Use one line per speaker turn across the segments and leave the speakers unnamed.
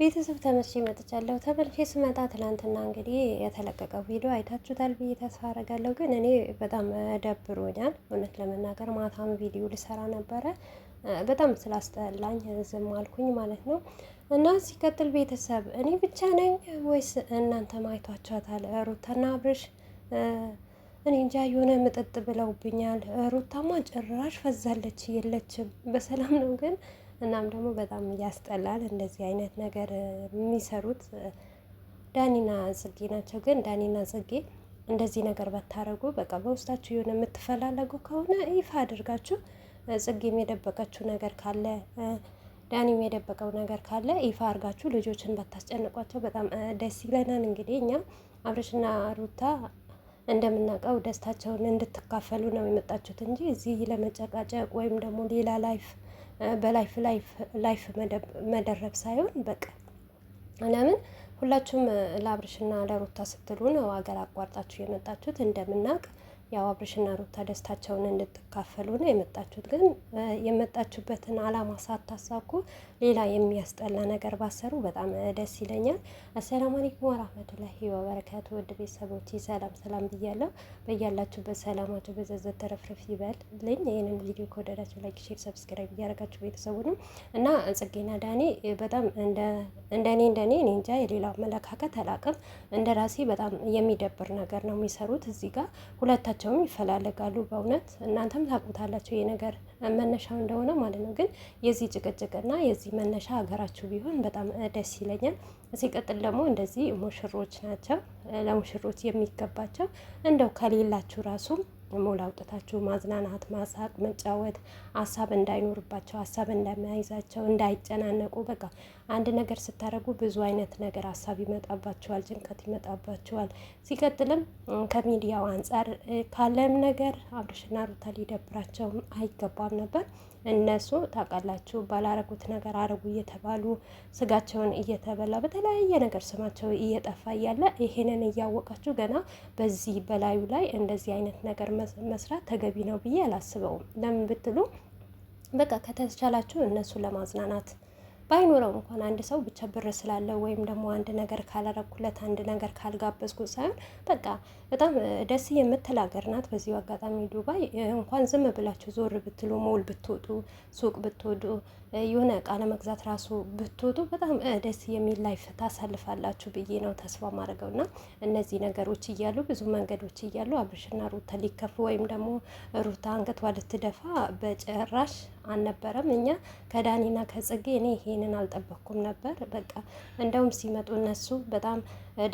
ቤተሰብ ተመልሼ መጥቻለሁ። ተመልሼ ስመጣ ትላንትና እንግዲህ የተለቀቀው ቪዲዮ አይታችሁታል ብዬ ተስፋ አረጋለሁ። ግን እኔ በጣም ደብሮኛል እውነት ለመናገር ማታም ቪዲዮ ልሰራ ነበረ በጣም ስላስጠላኝ ዝም አልኩኝ ማለት ነው። እና ሲቀጥል ቤተሰብ እኔ ብቻ ነኝ ወይስ እናንተ አይታችኋታል? ሩታና አብርሽ እኔ እንጃ የሆነ ምጥጥ ብለውብኛል። ሩታማ ጭራሽ ፈዛለች የለችም፣ በሰላም ነው ግን እናም ደግሞ በጣም ያስጠላል እንደዚህ አይነት ነገር የሚሰሩት። ዳኒና ጽጌ ናቸው። ግን ዳኒና ጽጌ እንደዚህ ነገር ባታረጉ፣ በቃ በውስጣችሁ የሆነ የምትፈላለጉ ከሆነ ይፋ አድርጋችሁ ጽጌም የደበቀችው ነገር ካለ ዳኒም የደበቀው ነገር ካለ ይፋ አድርጋችሁ ልጆችን ባታስጨንቋቸው በጣም ደስ ይለናል። እንግዲህ እኛ አብረሽና ሩታ እንደምናውቀው ደስታቸውን እንድትካፈሉ ነው የመጣችሁት እንጂ እዚህ ለመጨቃጨቅ ወይም ደግሞ ሌላ ላይፍ በላይፍ ላይፍ መደረብ ሳይሆን በቃ ለምን ሁላችሁም ለአብርሽና ለሩታ ስትሉ ነው ሀገር አቋርጣችሁ የመጣችሁት እንደምናውቅ ያው አብርሽና ሩታ ደስታቸውን እንድትካፈሉ ነው የመጣችሁት። ግን የመጣችሁበትን አላማ ሳታሳኩ ሌላ የሚያስጠላ ነገር ባሰሩ በጣም ደስ ይለኛል። አሰላሙ አለይኩም ወራህመቱላሂ ወበረካቱ። ውድ ቤተሰቦች ሰላም ሰላም ብያለሁ። በያላችሁበት ሰላማችሁ በዘዘት ተረፍረፍ ይበልልኝ። ይህንን ቪዲዮ ከወደዳችሁ ላይክ፣ ሼር፣ ሰብስክራይብ እያደረጋችሁ ቤተሰቡ ነው እና ጽጌና ዳኔ በጣም እንደኔ እንደኔ እኔ እንጃ የሌላ አመለካከት አላቅም እንደ ራሴ በጣም የሚደብር ነገር ነው የሚሰሩት እዚህ ጋር ሁለታ ሁለታቸውም ይፈላለጋሉ በእውነት እናንተም ታውቁታላችሁ ይህ ነገር መነሻው እንደሆነ ማለት ነው። ግን የዚህ ጭቅጭቅና የዚህ መነሻ ሀገራችሁ ቢሆን በጣም ደስ ይለኛል። ሲቀጥል ደግሞ እንደዚህ ሙሽሮች ናቸው ለሙሽሮች የሚገባቸው እንደው ከሌላችሁ ራሱም ሞል አውጥታችሁ ማዝናናት፣ ማሳቅ፣ መጫወት ሀሳብ እንዳይኖርባቸው ሀሳብ እንደማይዛቸው እንዳይጨናነቁ። በቃ አንድ ነገር ስታደርጉ ብዙ አይነት ነገር ሀሳብ ይመጣባቸዋል፣ ጭንቀት ይመጣባቸዋል። ሲቀጥልም ከሚዲያው አንጻር ካለም ነገር አብርሽና ሩታ ሊደብራቸውም አይገባም ነበር። እነሱ ታውቃላችሁ ባላረጉት ነገር አረጉ እየተባሉ ስጋቸውን እየተበላ በተለያየ ነገር ስማቸው እየጠፋ እያለ ይሄንን እያወቃችሁ ገና በዚህ በላዩ ላይ እንደዚህ አይነት ነገር መስራት ተገቢ ነው ብዬ አላስበውም። ለምን ብትሉ በቃ ከተቻላችሁ እነሱ ለማዝናናት ባይኖረው እንኳን አንድ ሰው ብቻ ብር ስላለው ወይም ደግሞ አንድ ነገር ካላረኩለት አንድ ነገር ካልጋበዝኩት ሳይሆን በቃ በጣም ደስ የምትል ሀገር ናት። በዚሁ አጋጣሚ ዱባይ እንኳን ዝም ብላችሁ ዞር ብትሉ ሞል ብትወጡ ሱቅ ብትወዱ የሆነ ቃለ መግዛት ራሱ ብትወጡ በጣም ደስ የሚል ላይፍ ታሳልፋላችሁ ብዬ ነው ተስፋ ማድረገው እና እነዚህ ነገሮች እያሉ ብዙ መንገዶች እያሉ አብርሽና ሩታ ሊከፉ ወይም ደግሞ ሩታ አንገቷ ልትደፋ በጭራሽ አልነበረም። እኛ ከዳኒና ከጽጌ እኔ ይሄንን አልጠበቅኩም ነበር። በቃ እንደውም ሲመጡ እነሱ በጣም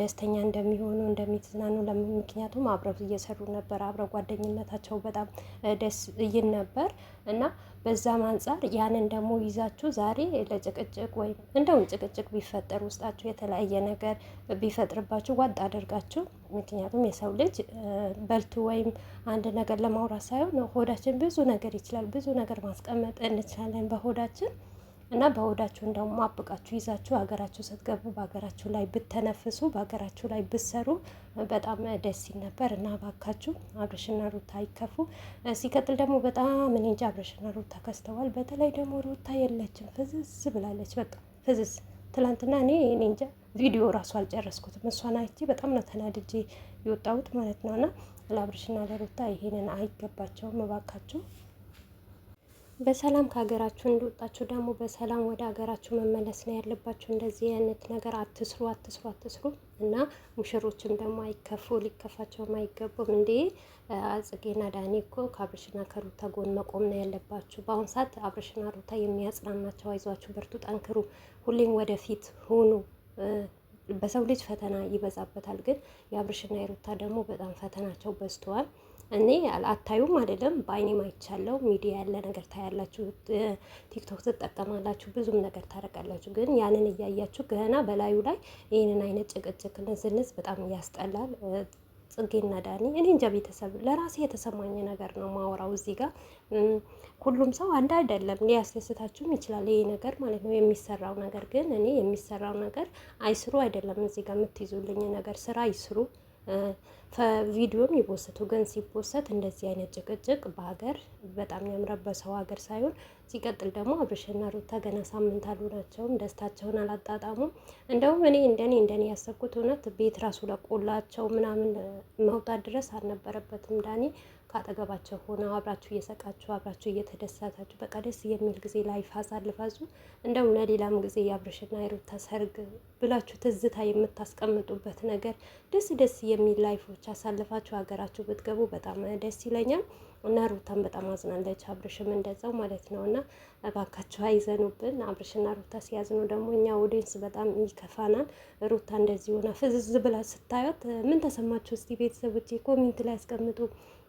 ደስተኛ እንደሚሆኑ እንደሚትዝናኑ ለምን ምክንያቱም አብረው እየሰሩ ነበር፣ አብረው ጓደኝነታቸው በጣም ደስ ይል ነበር እና በዛም አንጻር ያንን ደግሞ ይዛችሁ ዛሬ ለጭቅጭቅ ወይም እንደውም ጭቅጭቅ ቢፈጠር ውስጣችሁ የተለያየ ነገር ቢፈጥርባችሁ ዋጥ አድርጋችሁ ምክንያቱም የሰው ልጅ በልቱ ወይም አንድ ነገር ለማውራት ሳይሆን ሆዳችን ብዙ ነገር ይችላል። ብዙ ነገር ማስቀመጥ እንችላለን በሆዳችን እና በሆዳችሁን ደግሞ አብቃችሁ ይዛችሁ ሀገራችሁ ስትገቡ በሀገራችሁ ላይ ብተነፍሱ በሀገራችሁ ላይ ብሰሩ በጣም ደስ ሲል ነበር እና ባካችሁ አብረሽና ሩታ አይከፉ። ሲቀጥል ደግሞ በጣም እኔ እንጃ አብረሽና ሩታ ከስተዋል። በተለይ ደግሞ ሩታ የለችም ፍዝዝ ብላለች። በቃ ፍዝዝ ትላንትና እኔ እኔ እንጃ ቪዲዮ ራሱ አልጨረስኩትም። እሷን አይቼ በጣም ነው ተናድጄ የወጣሁት ማለት ነው። እና ለአብረሽና ለሩታ ይሄንን አይገባቸውም። እባካችሁ በሰላም ከሀገራችሁ እንደወጣችሁ ደግሞ በሰላም ወደ ሀገራችሁ መመለስ ነው ያለባችሁ። እንደዚህ አይነት ነገር አትስሩ፣ አትስሩ፣ አትስሩ እና ሙሽሮችም ደግሞ አይከፉ፣ ሊከፋቸውም አይገቡም። እንዲህ አጽጌና ዳኒ እኮ ከአብርሽና ከሩታ ጎን መቆም ነው ያለባችሁ። በአሁኑ ሰዓት አብርሽና ሩታ የሚያጽናናቸው አይዟችሁ፣ በርቱ፣ ጠንክሩ፣ ሁሌም ወደፊት ሁኑ። በሰው ልጅ ፈተና ይበዛበታል፣ ግን የአብርሽና የሩታ ደግሞ በጣም ፈተናቸው በዝተዋል። እኔ አታዩም አይደለም፣ በአይኔም አይቻለው። ሚዲያ ያለ ነገር ታያላችሁ፣ ቲክቶክ ትጠቀማላችሁ፣ ብዙም ነገር ታረቃላችሁ። ግን ያንን እያያችሁ ገና በላዩ ላይ ይህንን አይነት ጭቅጭቅ ንዝንዝ በጣም ያስጠላል። ጽጌና ዳኒ እኔ እንጃ ቤተሰብ ለራሴ የተሰማኝ ነገር ነው ማወራው። እዚህ ጋር ሁሉም ሰው አንድ አይደለም፣ ሊያስደስታችሁም ይችላል ይሄ ነገር ማለት ነው የሚሰራው ነገር። ግን እኔ የሚሰራው ነገር አይስሩ አይደለም እዚህ ጋር የምትይዙልኝ ነገር ስራ አይስሩ ቪዲዮም ይቦሰቱ ግን ሲቦሰት እንደዚህ አይነት ጭቅጭቅ በሀገር በጣም ያምራል። በሰው ሀገር ሳይሆን ሲቀጥል ደግሞ አብርሽና ሩታ ገና ሳምንት አልሆናቸውም፣ ደስታቸውን አላጣጣሙም። እንደውም እኔ እንደኔ እንደኔ ያሰብኩት እውነት ቤት ራሱ ለቆላቸው ምናምን መውጣት ድረስ አልነበረበትም ዳኒ ካጠገባቸው ሆነው አብራችሁ እየሰቃችሁ አብራችሁ እየተደሰታችሁ በቃ ደስ የሚል ጊዜ ላይፍ አሳልፋችሁ እንደውም ለሌላም ጊዜ የአብርሽና የሩታ ሰርግ ብላችሁ ትዝታ የምታስቀምጡበት ነገር ደስ ደስ የሚል ላይፎች አሳልፋችሁ ሀገራችሁ ብትገቡ በጣም ደስ ይለኛል። እና ሩታን በጣም አዝናለች፣ አብርሽም እንደዛው ማለት ነው። እና እባካቸው አይዘኑብን። አብርሽና ሩታ ሲያዝኑ ደግሞ እኛ ኦዲየንስ በጣም ይከፋናል። ሩታ እንደዚህ ሆና ፍዝዝ ብላ ስታዩት ምን ተሰማችሁ? እስቲ ቤተሰቦች ኮሜንት ላይ ያስቀምጡ።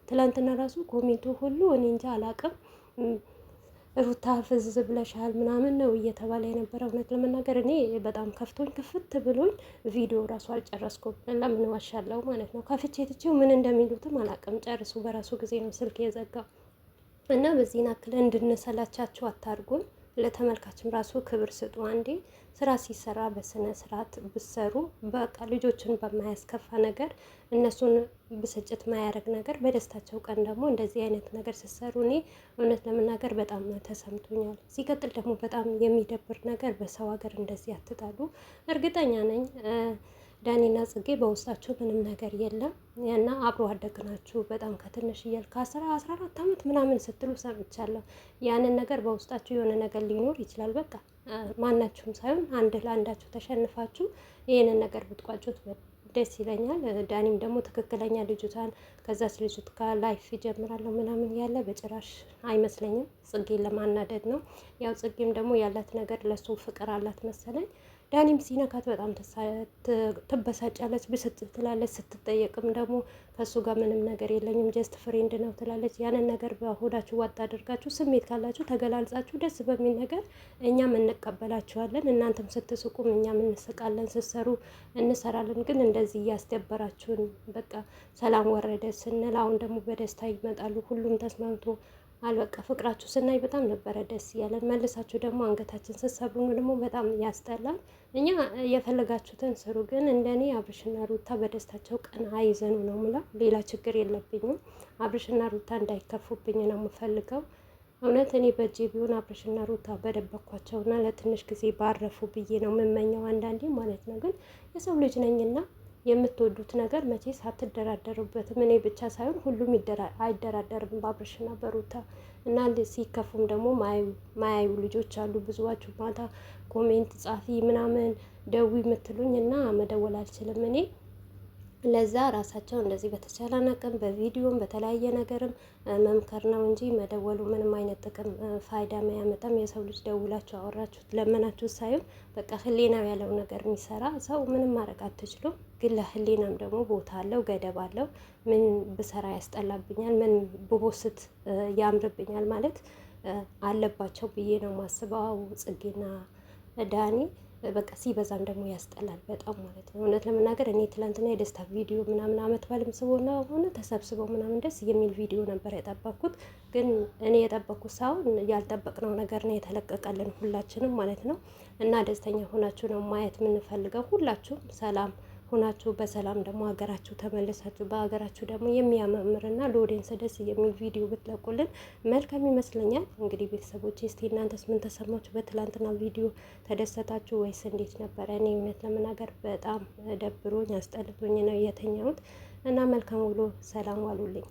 ትላንትና ራሱ ኮሜንቱ ሁሉ እኔ እንጃ አላቅም ሩታ ፍዝዝ ብለሻል ምናምን ነው እየተባለ የነበረ። እውነት ለመናገር እኔ በጣም ከፍቶኝ ክፍት ብሎኝ ቪዲዮ ራሱ አልጨረስኩም። ለምን ዋሻለው ማለት ነው። ከፍቼ ትቼው ምን እንደሚሉትም አላቅም። ጨርሱ በራሱ ጊዜ ነው ስልክ የዘጋው እና በዚህን ያክል እንድንሰላቻችሁ አታርጉም። ለተመልካችም ራሱ ክብር ስጡ። አንዴ ስራ ሲሰራ በስነ ስርዓት ብሰሩ በቃ ልጆችን በማያስከፋ ነገር እነሱን ብስጭት ማያደርግ ነገር፣ በደስታቸው ቀን ደግሞ እንደዚህ አይነት ነገር ስትሰሩ እኔ እውነት ለመናገር በጣም ተሰምቶኛል። ሲቀጥል ደግሞ በጣም የሚደብር ነገር በሰው ሀገር እንደዚህ አትጣሉ። እርግጠኛ ነኝ ዳኒና ጽጌ በውስጣቸው ምንም ነገር የለም እና አብሮ አደግ ናችሁ በጣም ከትንሽ እያል ከአስራ አስራ አራት አመት ምናምን ስትሉ ሰምቻለሁ። ያንን ነገር በውስጣችሁ የሆነ ነገር ሊኖር ይችላል። በቃ ማናችሁም ሳይሆን አንድ ለአንዳችሁ ተሸንፋችሁ ይህንን ነገር ብትቋጩት ደስ ይለኛል። ዳኒም ደግሞ ትክክለኛ ልጅቷን ከዛች ልጅት ጋር ላይፍ ይጀምራለሁ ምናምን ያለ በጭራሽ አይመስለኝም። ጽጌ ለማናደድ ነው። ያው ጽጌም ደግሞ ያላት ነገር ለሱ ፍቅር አላት መሰለኝ ዳኒም ሲነካት በጣም ትበሳጫለች፣ ብስት ትላለች። ስትጠየቅም ደግሞ ከእሱ ጋር ምንም ነገር የለኝም ጀስት ፍሬንድ ነው ትላለች። ያንን ነገር በሆዳችሁ ዋጥ አድርጋችሁ ስሜት ካላችሁ ተገላልጻችሁ ደስ በሚል ነገር እኛም እንቀበላችኋለን። እናንተም ስትስቁም እኛም እንስቃለን፣ ስትሰሩ እንሰራለን። ግን እንደዚህ እያስደበራችሁን በቃ ሰላም ወረደ ስንል አሁን ደግሞ በደስታ ይመጣሉ። ሁሉም ተስማምቶ አልበቃ ፍቅራችሁ ስናይ በጣም ነበረ ደስ እያለን። መልሳችሁ ደግሞ አንገታችን ስትሰብሩን ደግሞ በጣም ያስጠላል። እኛ የፈለጋችሁትን ስሩ፣ ግን እንደኔ አብርሽና ሩታ በደስታቸው ቀን አይዘኑ ነው ምለው። ሌላ ችግር የለብኝም። አብርሽና ሩታ እንዳይከፉብኝ ነው የምፈልገው። እውነት እኔ በእጄ ቢሆን አብርሽና ሩታ በደበኳቸውና ለትንሽ ጊዜ ባረፉ ብዬ ነው የምመኘው፣ አንዳንዴ ማለት ነው። ግን የሰው ልጅ ነኝና የምትወዱት ነገር መቼ አትደራደሩበትም። እኔ ብቻ ሳይሆን ሁሉም አይደራደርም በአብርሽና በሩታ እና ሲከፉም ደግሞ ማያዩ ልጆች አሉ። ብዙዋችሁ ማታ ኮሜንት ጻፊ ምናምን ደዊ የምትሉኝ እና መደወል አልችልም እኔ ለዛ ራሳቸው እንደዚህ በተቻለ አቅም በቪዲዮም በተለያየ ነገርም መምከር ነው እንጂ መደወሉ ምንም አይነት ጥቅም ፋይዳ ማያመጣም። የሰው ልጅ ደውላችሁ አወራችሁት ለመናችሁ ሳይሆን በቃ ህሊናው ያለው ነገር የሚሰራ ሰው ምንም ማድረግ አትችሉም። ግን ለህሊናም ደግሞ ቦታ አለው፣ ገደብ አለው። ምን ብሰራ ያስጠላብኛል፣ ምን ብቦስት ያምርብኛል ማለት አለባቸው ብዬ ነው ማስበው ጽጌና ዳኒ በቃ ሲበዛም ደግሞ ያስጠላል በጣም ማለት ነው። እውነት ለመናገር እኔ ትላንትና የደስታ ቪዲዮ ምናምን አመት ባልም ስቦና ሆነ ተሰብስበው ምናምን ደስ የሚል ቪዲዮ ነበር የጠበኩት። ግን እኔ የጠበቅኩት ሳይሆን ያልጠበቅነው ነገር ነው የተለቀቀልን ሁላችንም ማለት ነው። እና ደስተኛ ሆናችሁ ነው ማየት የምንፈልገው ሁላችሁም ሰላም ሁናችሁ በሰላም ደግሞ ሀገራችሁ ተመልሳችሁ በሀገራችሁ ደግሞ የሚያማምርና ለኦዲየንስ ደስ የሚል ቪዲዮ ብትለቁልን መልካም ይመስለኛል። እንግዲህ ቤተሰቦች እስቲ እናንተስ ምን ተሰማችሁ? በትላንትና ቪዲዮ ተደሰታችሁ ወይስ እንዴት ነበረ? እኔ እውነት ለመናገር በጣም ደብሮኝ አስጠልቶኝ ነው የተኛሁት እና መልካም ውሎ ሰላም ዋሉልኝ።